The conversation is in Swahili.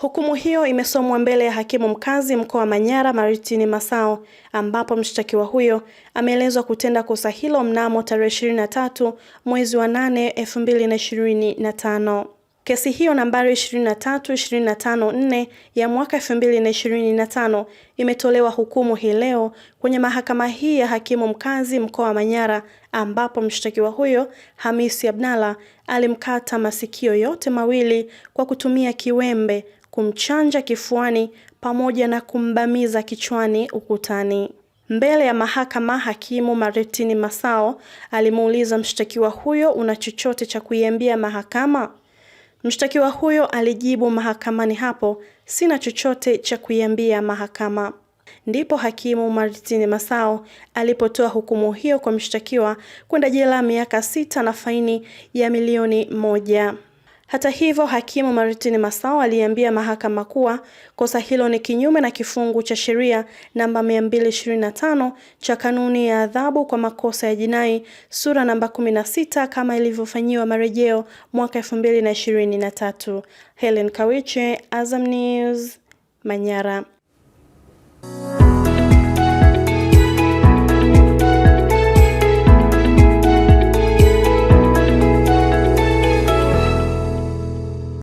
Hukumu hiyo imesomwa mbele ya hakimu mkazi mkoa wa Manyara Maritini Masao, ambapo mshtakiwa huyo ameelezwa kutenda kosa hilo mnamo tarehe 23 mwezi wa 8 2025. Kesi hiyo nambari 23254 ya mwaka 2025 imetolewa hukumu hii leo kwenye mahakama hii ya hakimu mkazi mkoa wa Manyara ambapo mshtakiwa huyo Hamisi Abdalla alimkata masikio yote mawili kwa kutumia kiwembe kumchanja kifuani pamoja na kumbamiza kichwani ukutani. Mbele ya mahakama, hakimu Martini Masao alimuuliza mshtakiwa huyo, una chochote cha kuiambia mahakama? Mshtakiwa huyo alijibu mahakamani hapo, sina chochote cha kuiambia mahakama. Ndipo hakimu Martini Masao alipotoa hukumu hiyo kwa mshtakiwa kwenda jela miaka sita na faini ya milioni moja. Hata hivyo, hakimu Martin Masao aliambia mahakama kuwa kosa hilo ni kinyume na kifungu cha sheria namba 225 cha kanuni ya adhabu kwa makosa ya jinai sura namba 16 kama ilivyofanyiwa marejeo mwaka 2023. Helen Kawiche, Azam News, Manyara.